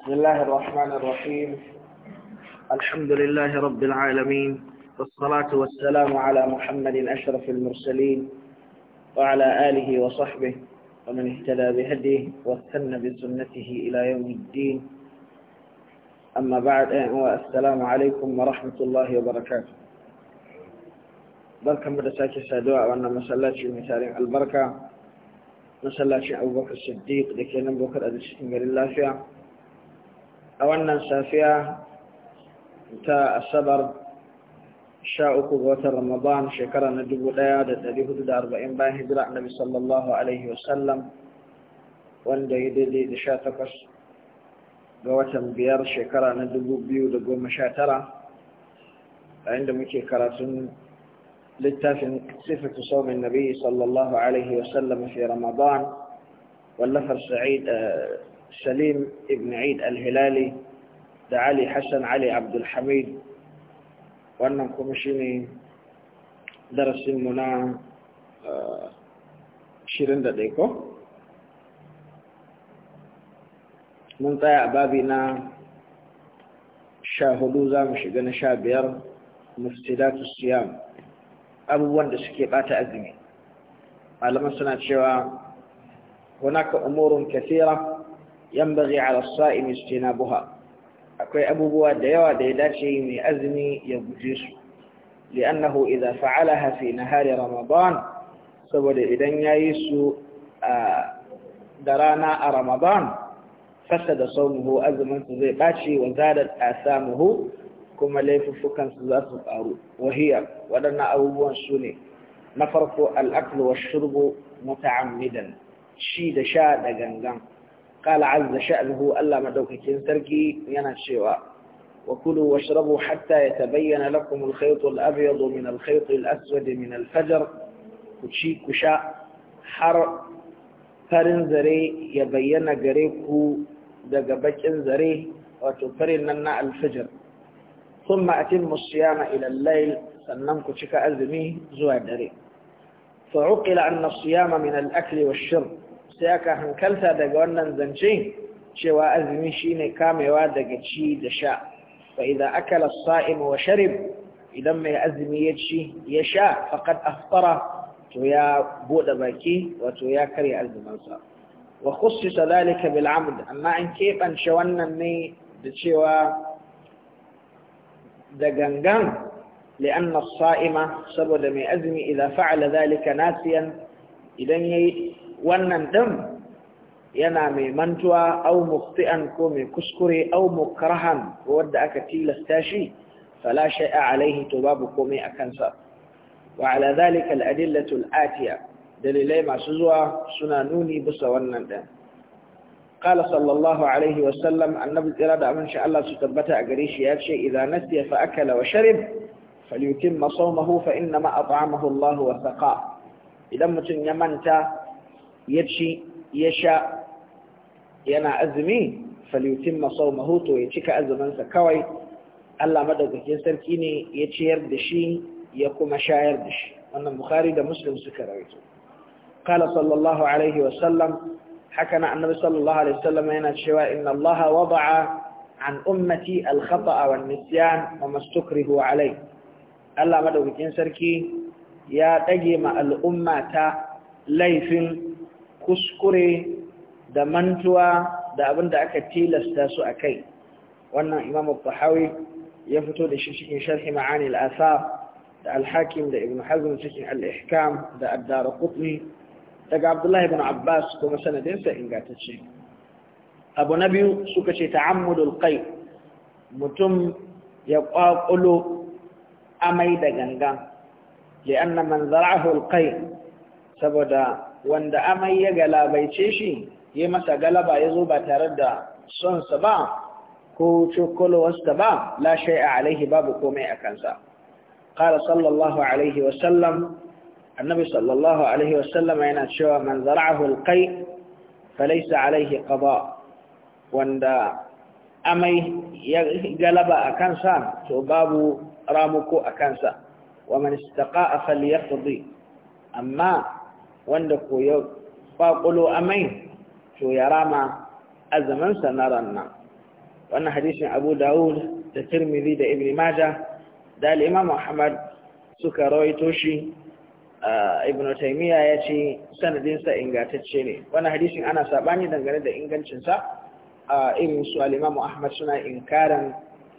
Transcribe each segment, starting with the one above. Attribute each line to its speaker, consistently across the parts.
Speaker 1: بسم الله الرحمن الرحيم الحمد لله رب العالمين والصلاة والسلام على محمد أشرف المرسلين وعلى آله وصحبه ومن اهتدى بهديه واستنى بسنته إلى يوم الدين أما بعد السلام عليكم ورحمة الله وبركاته بركة مدساك السادوة وأن مسلاتي على البركة مسلاتي أبو بكر الصديق لكي نبوكر من الله فيها a wannan safiya ta asabar sha uku ga watan ramadan shekara na dubu ɗaya da ɗari hudu da arba'in bayan hijira annabi sallallahu alaihi wasallam wanda ya daidai da sha takwas ga watan biyar shekara na dubu biyu da goma sha tara yayin da muke karatun littafin sifatu saumin nabi sallallahu alaihi wasallam fi ramadan wallafar sa'id سليم بن عيد الهلالي دعالي حسن علي عبد الحميد وانا كمشيني درس منا آه، شيرين دديكو من طيع بابنا شاهدو زامش قنا شابير مفتدات الصيام أبو واند سكيبات أزمي قال ما شوا هناك أمور كثيرة ينبغي على الصائم اجتنابها أكوي أبو بواد ديوى ديداتي من أزمي يبجيس لأنه إذا فعلها في نهار رمضان سبب إذن يايس درانا رمضان فسد صومه أزمن تزيقاتي وزادت آثامه كما ليففكا سزاس الأرو وهي ودنا أبوان سوني نفرق الأكل والشرب متعمدا شيد شاد غنغان قال عز شأنه ألا مدوك تنترقي ينا الشواء وكلوا واشربوا حتى يتبين لكم الخيط الأبيض من الخيط الأسود من الفجر كشي كشاء حر فرنزري يبين قريكو دقبك انزري وتفرن لنا الفجر ثم أتم الصيام إلى الليل سننك تكأزمي زوادري فعقل أن الصيام من الأكل والشرب sai aka hankalta daga wannan zance cewa azumi shine kamewa daga ci da sha fa idza akala as-sa'im wa sharib idan mai azumi ya ci ya sha faqad aftara to ya bude baki wato ya karya azumansa wa khussisa dhalika bil amd amma an keɓance wannan ne da cewa da gangan لأن الصائمة سبب من أزمي إذا فعل ذلك ناسيا إذن wannan ɗin yana mai mantuwa au mufti'an ko mai kuskure au mukrahan ko wadda aka tilasta shi fala shay'a alaihi to babu komai a kansa wa ala zalika al dalilai masu zuwa suna nuni bisa wannan ɗin قال صلى الله عليه وسلم النبي إرادة من شاء الله ستبت أقريش يابشي إذا نسي فأكل وشرب فليتم صومه فإنما أطعمه الله Idan إذا متن يمنت ya ci yana azumi falitin masau mahuto ya cika azuminsa kawai Allah madaukakin sarki ne ya ciyar da shi ya kuma shayar da shi wannan bukhari da muslim suka rawaito qala sallallahu alaihi wa sallam haka na annabi sallallahu alaihi wa sallam yana cewa inna allaha wada'a an ummati al-khata'a wan nisyan wa mastukrihu alai Allah madaukakin sarki ya dage ma al'ummata laifin kuskure da mantuwa da abin da aka tilasta su a kai wannan imam al-tahawi ya fito da shi cikin sharhi ma'ani al-asar da al-hakim da ibn hazm cikin al-ihkam da ad-darqutni daga abdullahi ibn abbas kuma sanadinsa ingantacce abu na biyu suka ce ta'ammudul qay mutum ya kwakulo amai da gangan li'anna man zara'ahu al-qay saboda wanda amai ya galabaice shi ya masa galaba ya zo ba tare da sonsa ba ko cokolowarsa ba la a alaihi babu komai a kansa قال صلى الله عليه وسلم النبي صلى الله عليه وسلم ينشوى من زرعه القيء فليس عليه قضاء amai ya galaba a kansa to babu ramuko a kansa wa man istaqa'a falyaqdi amma wanda koya faƙulo amai to ya rama azamansa na ranna wannan hadisin abu dawud da tirmidhi da ibn maja da al'imam muhammad suka rawaito shi ibn taimiyya ya ce sanadinsa ingantacce ne wannan hadisin ana saɓani dangane da ingancinsa irin su al'imam ahmad suna inkarin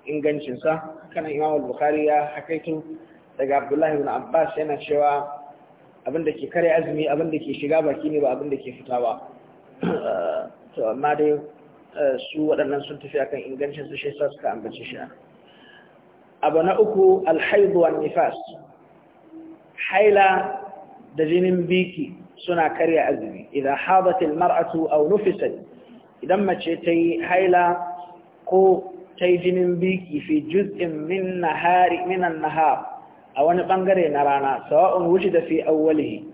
Speaker 1: ingancinsa kanan imam bukhari ya haƙaito daga abdullahi ibn abbas yana cewa Abinda ke kare azumi abinda ke shiga baki ne ba abinda ke fita ba to amma dai eh, su waɗannan sun tafi akan ingancin su shi sa suka ambaci shi abu na uku alhaidu wa nifas haila da jinin biki suna karya azumi idan habatil mar'atu aw nufisat idan mace ta yi haila ko ta yi jinin biki fi juz'in min nahari min an-nahar a wani bangare na rana sawa'un wuce da fi awwalihi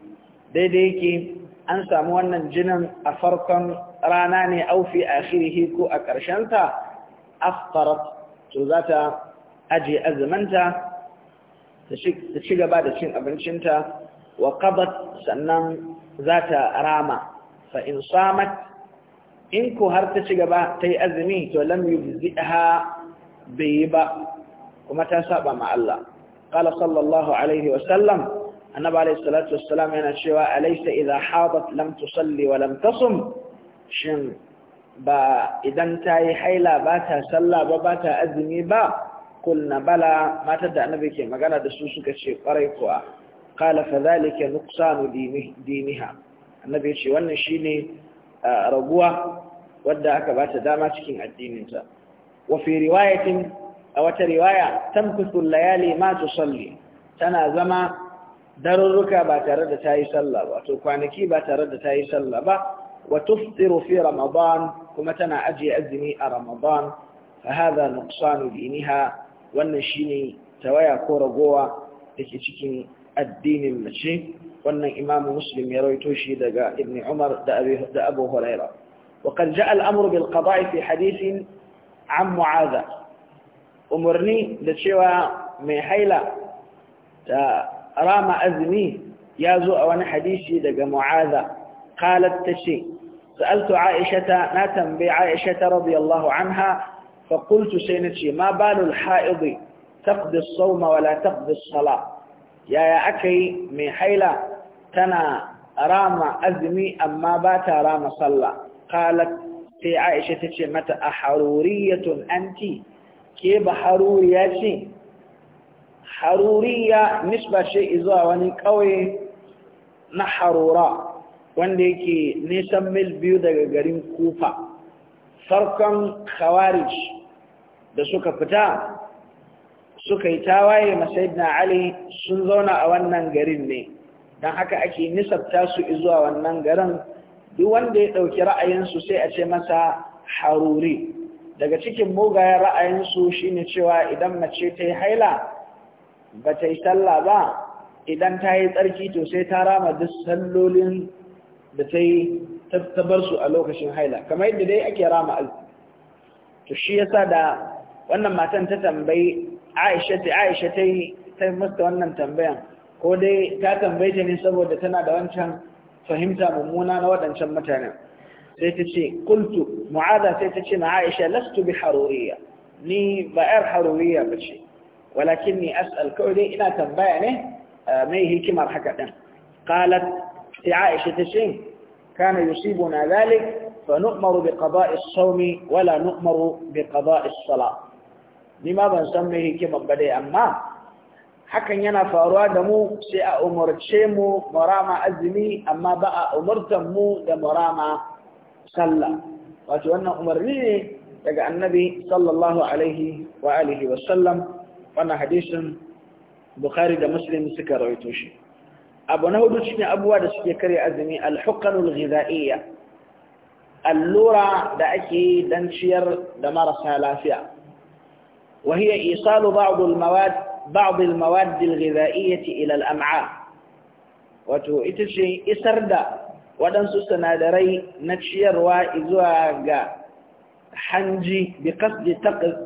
Speaker 1: daidai yake an samu wannan jinin a farkon rana ne au fi akhirihi ko a ƙarshenta aftarat to za ta ajiye azumanta ta ci gaba da cin abincinta wa qabat sannan za ta rama fa in samat in ko har ta ci gaba ta yi azumi to lam yubziha bai ba kuma ta saba ma Allah qala sallallahu alaihi wa sallam annabi alaihi salatu wassalam yana cewa alaysa idha hadat lam tusalli wa lam tasum shin ba idan ta yi haila bata ta sallah ba ba ta azumi ba kulna bala matar da annabi ke magana da su suka ce kwarai kuwa kala fa zalika nuqsanu diniha annabi ce wannan shine raguwa wadda aka bata dama cikin addininta wa fi a wata riwaya tamkutu layali ma tusalli tana zama daruruka ba tare da tayi sallah ba to kwanaki ba tare da tayi sallah ba wa tuftiru fi ramadan kuma tana ajiye azumi a ramadan fa hadha nuqsan dinha wannan shine tawaya ko ragowa dake cikin addinin mace wannan imam muslim ya rawaito shi daga ibn umar da abi da abu hurairah وقد جاء الأمر بالقضاء في حديث عن معاذ umarni da cewa mai haila ta rama azumi ya zo a wani hadisi daga mu'aza qalat tace sa'altu aishata na tambayi aishata yallahu anha fa qultu sai ce ma balul haid taqdi as-sawm wa la taqdi as yaya mai haila tana rama azumi amma ba ta rama sallah qalat sai aisha tace mata a aharuriyatun anti ke ba haruriya ce haruriya nisba ce zuwa wani ƙauye na harura wanda yake nisan mil biyu daga garin kufa farkon khawarij da suka fita suka yi tawaye masayidina ali sun zauna a wannan garin ne don haka ake nisabta su izuwa wannan garin duk wanda ya ɗauki ra'ayinsu sai a ce masa haruri daga cikin mugayen ra'ayinsu shine cewa idan mace ta yi haila ba ta yi sallah ba idan ta yi tsarki to sai ta rama duk sallolin da ta yi tattabar su a lokacin haila kamar yadda dai ake rama alfi to shi yasa da wannan matan ta tambayi aisha ta aisha ta yi ta masta wannan tambayan ko dai ta tambaye ta ne saboda tana da wancan fahimta mummuna na waɗancan mutanen سيتشي قلت معاذا سيتشي مع عائشة لست بحرورية ني بأر حرورية بشي ولكني أسأل كودي إنا تنبعني آه، ميهي كما حكتا قالت في عائشة تشين كان يصيبنا ذلك فنؤمر بقضاء الصوم ولا نؤمر بقضاء الصلاة لماذا نسميه كما بدي أما حكا ينا فاروا دمو سيأ شيمو مراما أزمي أما بقى أمرتمو دمراما sallah wato wannan umarni ne daga annabi sallallahu alaihi wa alihi wa sallam wannan hadisin bukhari da muslim suka rawaito shi abu na hudu cikin abubuwa da suke karya azumi alhuqanul ghida'iyya allura da ake dan ciyar da marasa lafiya wa hiya isalu ba'd al-mawad ba'd al-mawad al ila al-am'a wato ita ce isar da waɗansu sinadarai na ciyarwa zuwa ga hanji bi kasdi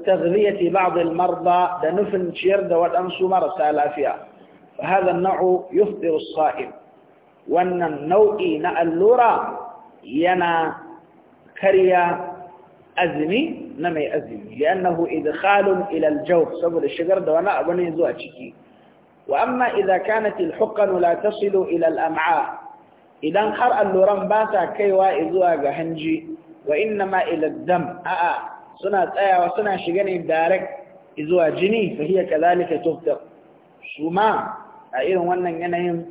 Speaker 1: taghriyati ba'd al-marda da nufin ciyar da waɗansu marasa lafiya fa hadha an-naw'u yufṭiru as-sa'im wannan nau'i na allura yana karya azumi na mai azumi li'annahu idkhalun ila al-jawf saboda shigar da wani abu ne zuwa ciki wa amma idza kanat al-huqqan la tasilu ila al-am'a idan har alluran ba sa kaiwa zuwa ga hanji wa inna ma ila dam a'a suna tsayawa suna shiga ne direct zuwa jini fa hiya kadhalika tuftar suma a irin wannan yanayin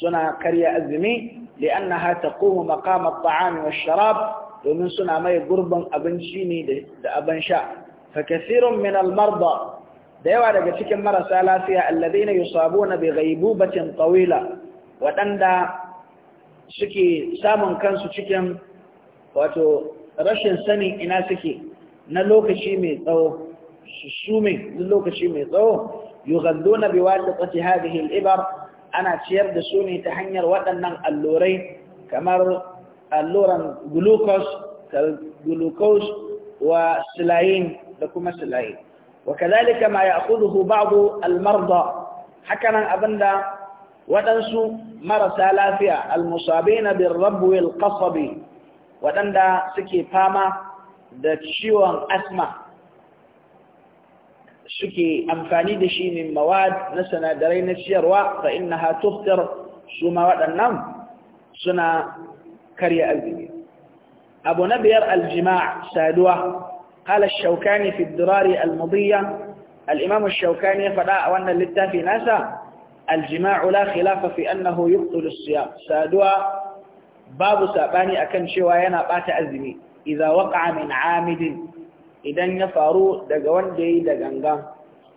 Speaker 1: suna karya azumi li'annaha hata kuma makamar taam wash-sharab domin suna mai gurbin abinci ne da abin sha fa kathirun min al da yawa daga cikin marasa lafiya alladhina yusabuna bi ghaibubatin tawila waɗanda suke samun kansu cikin wato rashin sani ina suke na lokaci mai tsawo su mai na lokaci mai tsawo yughalluna biwasitati hadhihi al-ibar ana ciyar da su ne ta hanyar waɗannan allurai kamar alluran glucose glucose wa silayin da kuma silayin وكذلك ما يأخذه بعض المرضى حكما أبندا ودنسوا مرسى لافيا المصابين بالرب القصبي ودندا سكي فاما دا تشيوان أسمى سكي أنفاني دشي من مواد نسنا درين و فإنها تفتر سو مواد النوم سنا كريا الدنيا أبو نبير الجماع سادوة قال الشوكاني في الدراري المضية الإمام الشوكاني فلا وأن اللتا ناسا الجماع لا خلاف في أنه يبطل الصيام سادوا باب ساباني أكن شواينا بات أزمي إذا وقع من عامد إذا يفارو دقوان دي دقنقام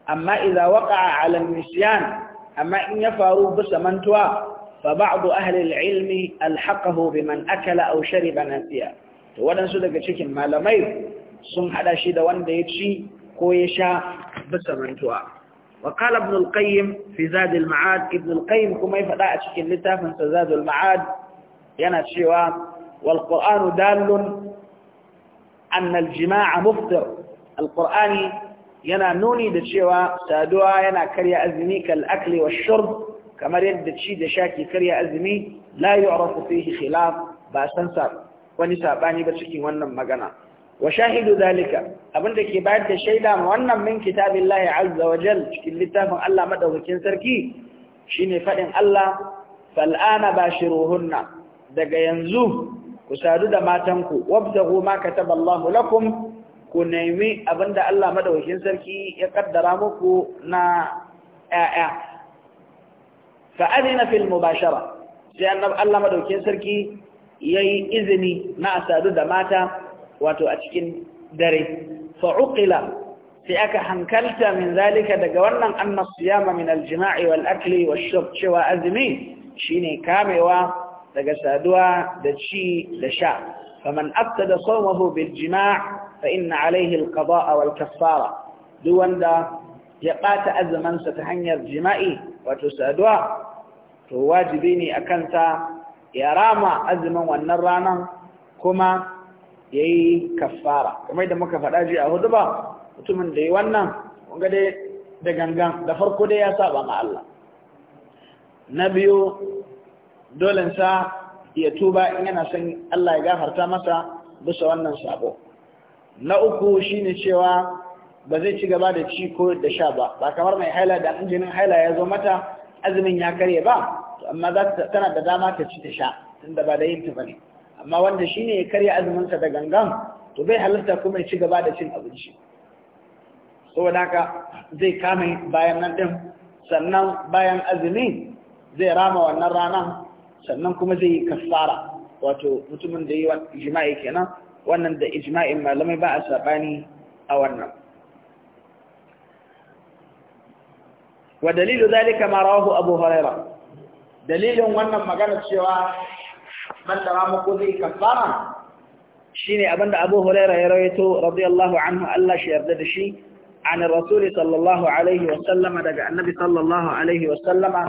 Speaker 1: أما إذا وقع على النسيان أما إن يفارو بس منتوا فبعض أهل العلم ألحقه بمن أكل أو شرب ناسيا ودن سودك شكل ما لمي sun hada shi da wanda ya ci ko ya sha bisa mantuwa وقال ابن القيم في زاد المعاد ابن القيم كما يفدا اشكل لتا فانت زاد المعاد ينا شيوا والقرآن دال أن الجماع مفطر القرآن ينا نوني دا شيوا سادوا ينا كريا أزمي كالأكل والشرب كما يد شي دا شاكي كريا أزمي لا يعرف فيه خلاف باسنسر سنسر ونسا باني بشكي ونم مغنى wa dalika, zalika abinda ke bayar da shaida ma wannan min kitabillahi azza wa jal cikin littafin Allah madaukakin sarki shine faɗin Allah fal'ana bashiruhunna daga yanzu ku sadu da matanku wabtaghu ma kataballahu lakum ku nemi abinda Allah madaukakin sarki ya kaddara muku na ƴaƴa fa adina fil mubashara sai annabi Allah madaukakin sarki yayi izini na sadu da mata wato a cikin dare fa'uqila sai aka hankalta min zalika daga wannan annas siyama min aljima'i wal akli washurb cewa azumi shine kamewa daga saduwa da ci da sha faman aftada sawmahu bil jima' fa inna alayhi al qada' wal kaffara duk wanda ya bata azuman sa ta hanyar jima'i wato saduwa to wajibi ne akan ta ya rama azumin wannan ranan kuma ya yi kafara kamar da muka faɗa ji a hudu ba mutumin da yi wannan wanga dai da gangan da farko dai ya saba ma Allah na biyu sa ya tuba in yana son Allah ya gafarta masa bisa wannan sabo na uku shine cewa ba zai ci gaba da ci ko da sha ba ba kamar mai haila da injinin haila ya zo mata azumin ya karye ba amma za ta tana da dama ta ci ta sha tunda ba da yin ta bane amma wanda shi ne ya karya azuminsa da gangan to bai halarta kuma ya ci gaba da cin abinci saboda haka zai kame bayan nan din sannan bayan azumi zai rama wannan rana, sannan kuma zai yi kasara wato mutumin da yi wa jima'i kenan wannan da ijima'in malamai ba a sabani a wannan wa dalilu zalika ma rawahu abu hurairah dalilin wannan magana cewa ballama mu ko zai kafara shine abinda Abu Hurairah ya rawaito radiyallahu anhu Allah shi yarda da shi an Rasul sallallahu alaihi wa sallama daga Annabi sallallahu alaihi wa sallama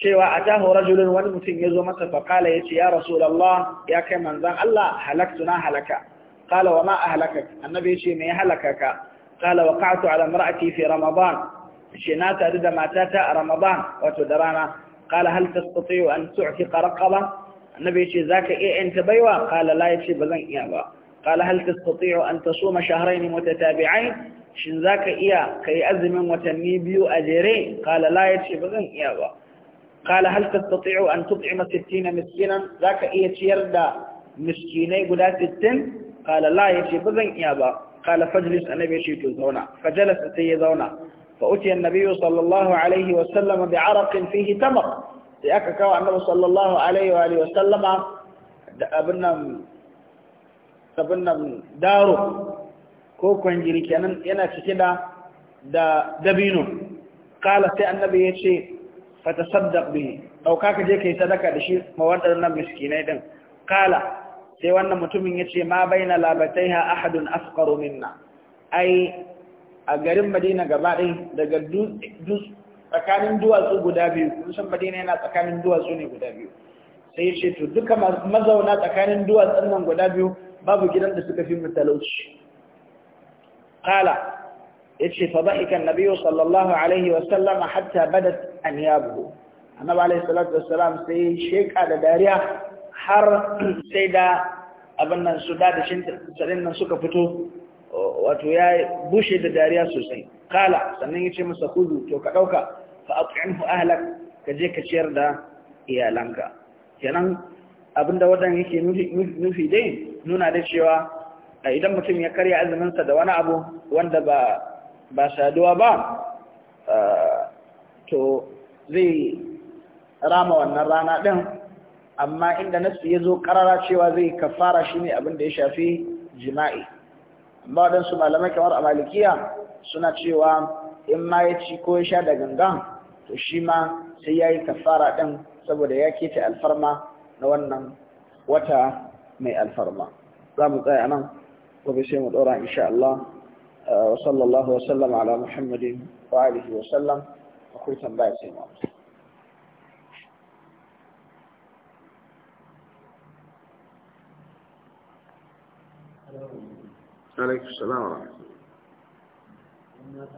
Speaker 1: cewa atahu rajulun wani mutum yazo masa fa kala yace ya Rasulullah ya kai manzan Allah halaktu na halaka qala wa ma ahlakak annabi yace me halakaka qala waqa'tu ala imra'ati fi ramadan yace na tare da matata a ramadan wato da rana qala hal tastati'u an tu'tiqa raqaba النبي يقول ذاك إيه أنت بيوا قال لا يفسي بذن إيابا قال هل تستطيع أن تصوم شهرين متتابعين شن ذاك إيا كي أزم وتنبيو أجري قال لا يفسي بذن إيابا قال هل تستطيع أن تطعم ستين مسكينا ذاك إيه تيرد مسكيني قدا ستين قال لا يفسي بذن إيابا قال فجلس النبي يقول ذونا فجلس سيدونا فأتي النبي صلى الله عليه وسلم بعرق فيه تمر sai aka kawo annabi sallallahu alaihi wa alihi da abin nan abin nan daro ko kwanjiri kenan yana cike da da dabino kala sai annabi ya ce fatasaddaq bihi dauka ka je kai sadaka da shi ma waɗannan miskinai din kala sai wannan mutumin ya ce ma baina labataiha ahadun afqaru minna ai a garin Madina gaba ɗaya daga tsakanin duwatsu guda biyu kun san madina yana tsakanin duwatsu ne guda biyu sai ya ce to duka mazauna tsakanin duwatsun nan guda biyu babu gidan da suka fi mutalauci qala yace fa ikan na biyu sallallahu alaihi wa sallam hatta badat anyabuhu annabi alaihi salatu wassalam sai sheka da dariya har sai da abin nan su da da shin nan suka fito wato ya bushe da dariya sosai kala sannan ya ce masa kudu to ka ɗauka fa'at'imhu ahlak ka je ka ciyar da iyalanka kenan abinda wadan yake nufi dai nuna da cewa idan mutum ya karya azuminsa da wani abu wanda ba ba saduwa ba to zai rama wannan rana din amma inda nasu ya zo karara cewa zai kafara shi ne da ya shafi jima'i amma waɗansu malamai kamar a suna cewa in ma ya ci ko ya sha da gangan to shi ma sai ya yi kafara ɗin saboda ya keta alfarma na wannan wata mai alfarma za mu tsaya nan gobe sai mu ɗora insha Allah eh, wa sallallahu wa sallam ala muhammadin wa alihi wa sallam akwai tambaya sai mu عليكم السلام ورحمة الله